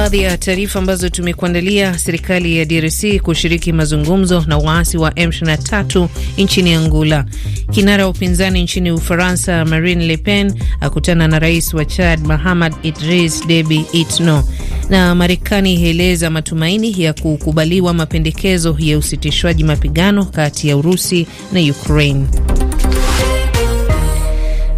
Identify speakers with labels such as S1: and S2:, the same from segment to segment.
S1: baadhi ya taarifa ambazo tumekuandalia. Serikali ya DRC kushiriki mazungumzo na waasi wa M23 nchini Angola. Kinara wa upinzani nchini Ufaransa Marine Le Pen akutana na rais wa Chad Mahamad Idris Deby Itno. Na Marekani yaeleza matumaini ya kukubaliwa mapendekezo ya usitishwaji mapigano kati ya Urusi na Ukraine.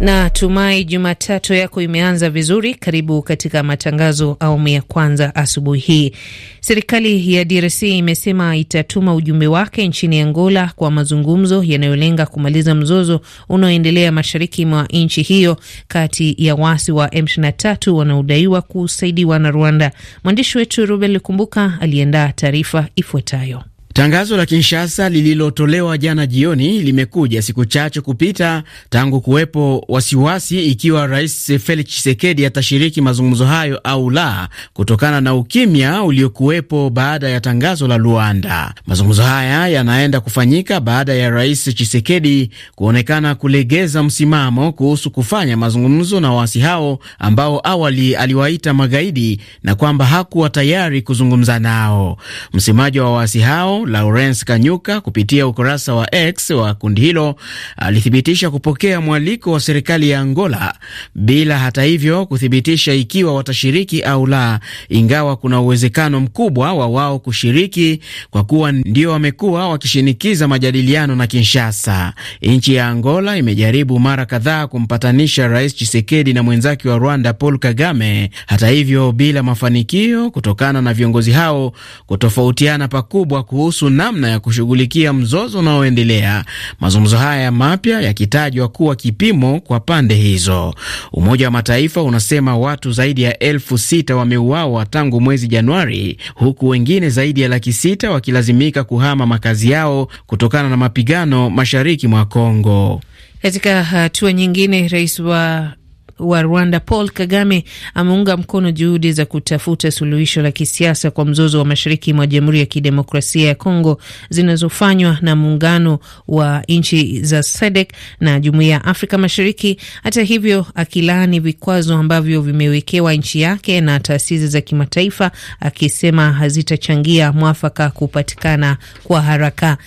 S1: Na tumai Jumatatu yako imeanza vizuri. Karibu katika matangazo awamu ya kwanza asubuhi hii. Serikali ya DRC imesema itatuma ujumbe wake nchini Angola kwa mazungumzo yanayolenga kumaliza mzozo unaoendelea mashariki mwa nchi hiyo kati ya waasi wa M23 wanaodaiwa kusaidiwa na Rwanda. Mwandishi wetu Rubel kumbuka aliandaa taarifa ifuatayo.
S2: Tangazo la Kinshasa lililotolewa jana jioni limekuja siku chache kupita tangu kuwepo wasiwasi ikiwa Rais Felix Tshisekedi atashiriki mazungumzo hayo au la, kutokana na ukimya uliokuwepo baada ya tangazo la Luanda. Mazungumzo haya yanaenda kufanyika baada ya Rais Tshisekedi kuonekana kulegeza msimamo kuhusu kufanya mazungumzo na waasi hao ambao awali aliwaita magaidi na kwamba hakuwa tayari kuzungumza nao. Msemaji wa waasi hao Lawrence Kanyuka kupitia ukurasa wa X wa kundi hilo alithibitisha kupokea mwaliko wa serikali ya Angola bila hata hivyo kuthibitisha ikiwa watashiriki au la, ingawa kuna uwezekano mkubwa wa wao kushiriki kwa kuwa ndio wamekuwa wakishinikiza majadiliano na Kinshasa. Nchi ya Angola imejaribu mara kadhaa kumpatanisha Rais chisekedi na mwenzake wa Rwanda Paul Kagame, hata hivyo bila mafanikio, kutokana na viongozi hao kutofautiana pakubwa kuhusu kuhusu namna ya kushughulikia mzozo unaoendelea, mazungumzo haya mapya yakitajwa kuwa kipimo kwa pande hizo. Umoja wa Mataifa unasema watu zaidi ya elfu sita wameuawa tangu mwezi Januari, huku wengine zaidi ya laki sita wakilazimika kuhama makazi yao kutokana na mapigano mashariki mwa Kongo.
S1: Katika hatua nyingine, rais wa wa Rwanda Paul Kagame ameunga mkono juhudi za kutafuta suluhisho la kisiasa kwa mzozo wa mashariki mwa Jamhuri ya Kidemokrasia ya Kongo zinazofanywa na muungano wa nchi za SADC na Jumuiya ya Afrika Mashariki, hata hivyo akilaani vikwazo ambavyo vimewekewa nchi yake na taasisi za kimataifa, akisema hazitachangia mwafaka kupatikana kwa haraka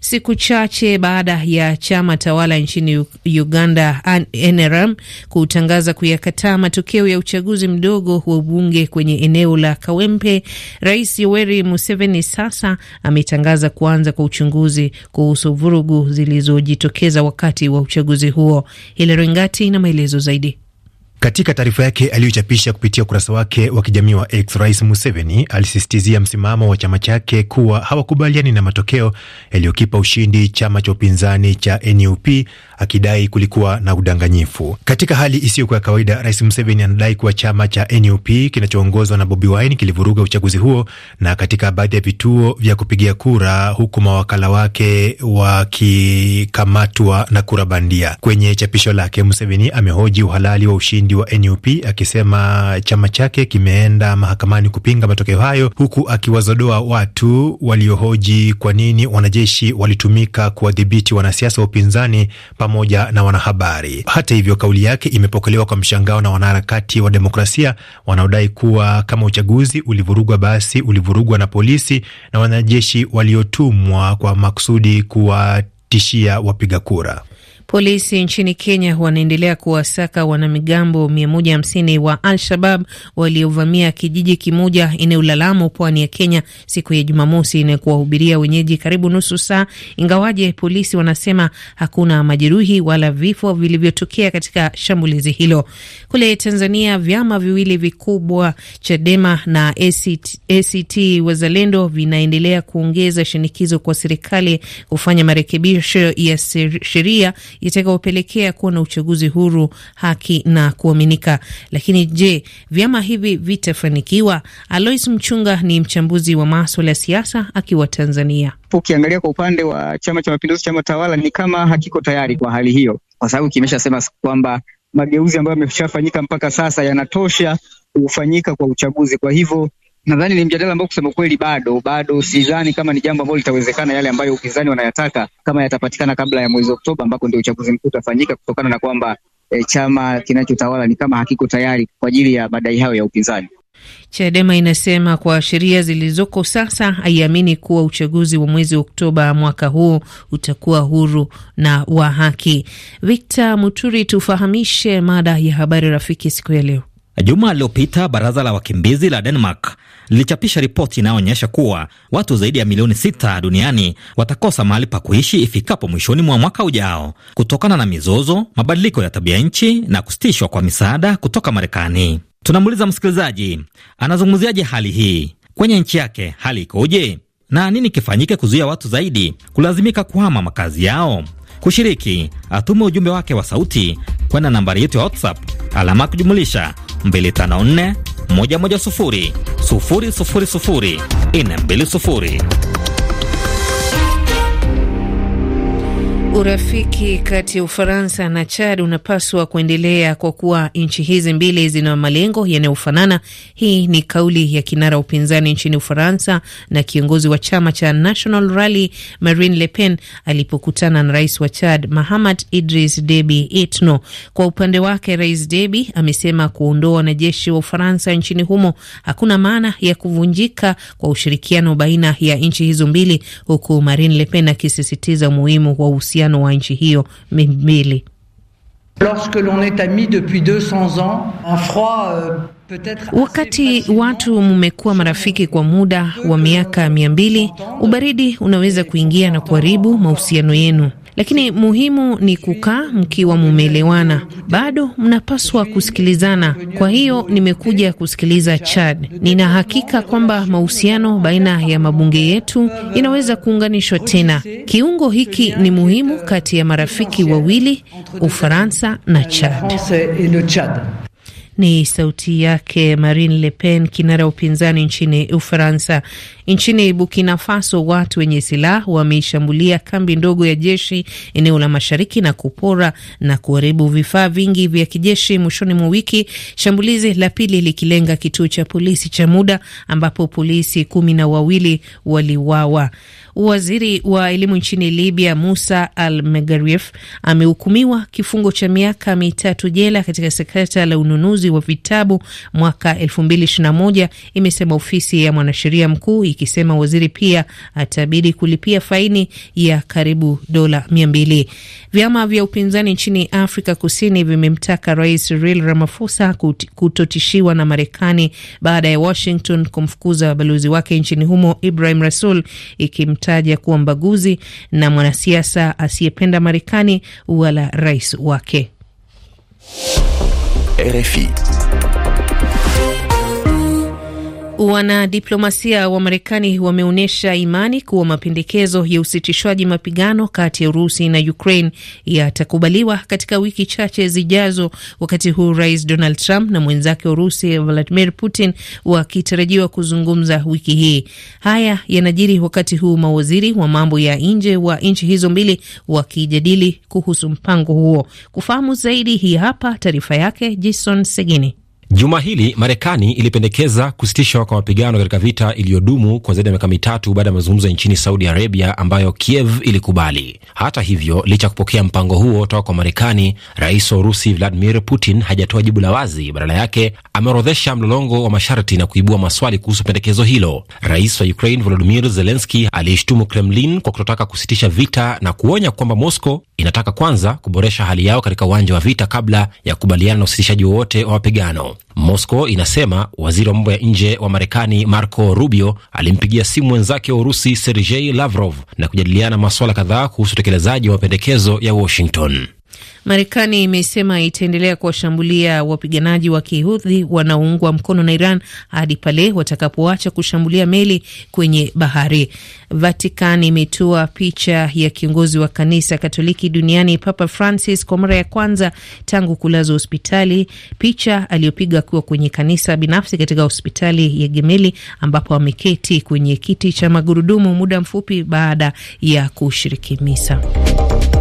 S1: siku chache baada ya chama tawala nchini Uganda NRM kutangaza kuyakataa matokeo ya uchaguzi mdogo wa ubunge kwenye eneo la Kawempe, Rais Yoweri Museveni sasa ametangaza kuanza kwa uchunguzi kuhusu vurugu zilizojitokeza wakati wa uchaguzi huo. Hilary Ngati na maelezo zaidi.
S3: Katika taarifa yake aliyochapisha kupitia ukurasa wake wa kijamii wa X, Rais Museveni alisisitizia msimamo wa chama chake kuwa hawakubaliani na matokeo yaliyokipa ushindi chama cha upinzani cha NUP, akidai kulikuwa na udanganyifu. Katika hali isiyokuwa ya kawaida, Rais Museveni anadai kuwa chama cha NUP kinachoongozwa na Bobi Wine kilivuruga uchaguzi huo na katika baadhi ya vituo vya kupigia kura, huku mawakala wake wakikamatwa na kura bandia. Kwenye chapisho lake, Museveni amehoji uhalali wa ushindi Mshindi wa NUP akisema chama chake kimeenda mahakamani kupinga matokeo hayo, huku akiwazodoa watu waliohoji kwa nini wanajeshi walitumika kuwadhibiti wanasiasa wa upinzani pamoja na wanahabari. Hata hivyo, kauli yake imepokelewa kwa mshangao na wanaharakati wa demokrasia wanaodai kuwa kama uchaguzi ulivurugwa, basi ulivurugwa na polisi na wanajeshi waliotumwa kwa makusudi kuwatishia wapiga kura.
S1: Polisi nchini Kenya wanaendelea kuwasaka wanamigambo 150 wa Al-Shabab waliovamia kijiji kimoja eneo la Lamu, pwani ya Kenya, siku ya Jumamosi na kuwahubiria wenyeji karibu nusu saa, ingawaje polisi wanasema hakuna majeruhi wala vifo vilivyotokea katika shambulizi hilo. Kule Tanzania, vyama viwili vikubwa Chadema na ACT, ACT Wazalendo vinaendelea kuongeza shinikizo kwa serikali kufanya marekebisho ya sheria itakayopelekea kuwa na uchaguzi huru, haki na kuaminika. Lakini je, vyama hivi vitafanikiwa? Alois Mchunga ni mchambuzi wa maswala ya siasa akiwa Tanzania.
S2: Ukiangalia kwa upande wa Chama cha Mapinduzi, chama tawala, ni kama hakiko tayari kwa hali hiyo, kwa sababu kimeshasema kwamba mageuzi ambayo yameshafanyika mpaka sasa yanatosha kufanyika kwa uchaguzi. Kwa hivyo nadhani ni mjadala ambao kusema kweli bado bado sidhani kama ni jambo ambalo litawezekana, yale ambayo upinzani wanayataka kama yatapatikana kabla ya mwezi Oktoba, ambako ndio uchaguzi mkuu utafanyika, kutokana na kwamba e, chama kinachotawala ni kama hakiko tayari kwa ajili ya madai hayo ya upinzani.
S1: Chadema inasema kwa sheria zilizoko sasa haiamini kuwa uchaguzi wa mwezi Oktoba mwaka huu utakuwa huru na wa haki. Victor Muturi, tufahamishe mada ya habari rafiki siku ya leo.
S3: Juma aliyopita baraza la wakimbizi la Denmark lilichapisha ripoti inayoonyesha kuwa watu zaidi ya milioni sita duniani watakosa mahali pa kuishi ifikapo mwishoni mwa mwaka ujao kutokana na mizozo, mabadiliko ya tabia nchi na kusitishwa kwa misaada kutoka Marekani. Tunamuuliza msikilizaji anazungumziaje hali hii kwenye nchi yake, hali ikoje na nini kifanyike kuzuia watu zaidi kulazimika kuhama makazi yao? Kushiriki, atume ujumbe wake wa sauti kwenda nambari yetu ya WhatsApp alama ya kujumulisha 254 110 Sufuri, sufuri, sufuri. 000 sufuri.
S1: Urafiki kati ya Ufaransa na Chad unapaswa kuendelea kwa kuwa nchi hizi mbili zina malengo yanayofanana. Hii ni kauli ya kinara upinzani nchini Ufaransa na kiongozi wa chama cha National Rally Marine Le Pen alipokutana na rais wa Chad Mahamad Idris Deby Itno. Kwa upande wake, Rais Deby amesema kuondoa wanajeshi wa Ufaransa nchini humo hakuna maana ya kuvunjika kwa ushirikiano baina ya nchi hizo mbili, huku Marine Le Pen akisisitiza umuhimu wa uhusiano uhusiano wa nchi hiyo mbili. Wakati watu mmekuwa marafiki kwa muda wa miaka mia mbili, ubaridi unaweza kuingia na kuharibu mahusiano yenu lakini muhimu ni kukaa mkiwa mumeelewana. Bado mnapaswa kusikilizana. Kwa hiyo nimekuja kusikiliza Chad. Nina hakika kwamba mahusiano baina ya mabunge yetu inaweza kuunganishwa tena. Kiungo hiki ni muhimu kati ya marafiki wawili, Ufaransa na Chad. Ni sauti yake Marine Le Pen, kinara upinzani nchini Ufaransa. Nchini Burkina Faso, watu wenye silaha wameishambulia kambi ndogo ya jeshi eneo la mashariki na kupora na kuharibu vifaa vingi vya kijeshi mwishoni mwa wiki, shambulizi la pili likilenga kituo cha polisi cha muda ambapo polisi kumi na wawili waliwawa. Waziri wa elimu nchini Libya Musa Al Megarif amehukumiwa kifungo cha miaka mitatu jela katika sekta la ununuzi wa vitabu mwaka 2021, imesema ofisi ya mwanasheria mkuu ikisema waziri pia atabidi kulipia faini ya karibu dola mia mbili. Vyama vya upinzani nchini Afrika Kusini vimemtaka Rais Cyril Ramaphosa kutotishiwa na Marekani baada ya Washington kumfukuza balozi wake nchini humo Ibrahim Rasul, ikimtaja kuwa mbaguzi na mwanasiasa asiyependa Marekani wala rais wake. RFI. Wanadiplomasia wa Marekani wameonyesha imani kuwa mapendekezo ya usitishwaji mapigano kati ya Urusi na Ukraine yatakubaliwa katika wiki chache zijazo, wakati huu Rais Donald Trump na mwenzake wa Urusi Vladimir Putin wakitarajiwa kuzungumza wiki hii. Haya yanajiri wakati huu mawaziri wa mambo ya nje wa nchi hizo mbili wakijadili kuhusu mpango huo. Kufahamu zaidi, hii hapa taarifa yake Jason Segini.
S3: Juma hili Marekani ilipendekeza kusitishwa kwa mapigano katika vita iliyodumu kwa zaidi ya miaka mitatu baada ya mazungumzo nchini Saudi Arabia ambayo Kiev ilikubali. Hata hivyo, licha ya kupokea mpango huo toka kwa Marekani, rais wa Urusi Vladimir Putin hajatoa jibu la wazi. Badala yake ameorodhesha mlolongo wa masharti na kuibua maswali kuhusu pendekezo hilo. Rais wa Ukraine Volodimir Zelenski aliishtumu Kremlin kwa kutotaka kusitisha vita na kuonya kwamba Moscow inataka kwanza kuboresha hali yao katika uwanja wa vita kabla ya kukubaliana na usitishaji wowote wa mapigano. Moscow inasema waziri wa mambo ya nje wa Marekani Marco Rubio alimpigia simu mwenzake wa Urusi Sergei Lavrov na kujadiliana masuala kadhaa kuhusu utekelezaji wa mapendekezo ya Washington.
S1: Marekani imesema itaendelea kuwashambulia wapiganaji wa kihudhi wanaoungwa mkono na Iran hadi pale watakapoacha kushambulia meli kwenye bahari. Vatican imetoa picha ya kiongozi wa kanisa Katoliki duniani Papa Francis kwa mara ya kwanza tangu kulazwa hospitali, picha aliyopiga akiwa kwenye kanisa binafsi katika hospitali ya Gemeli ambapo ameketi kwenye kiti cha magurudumu muda mfupi baada ya kushiriki misa.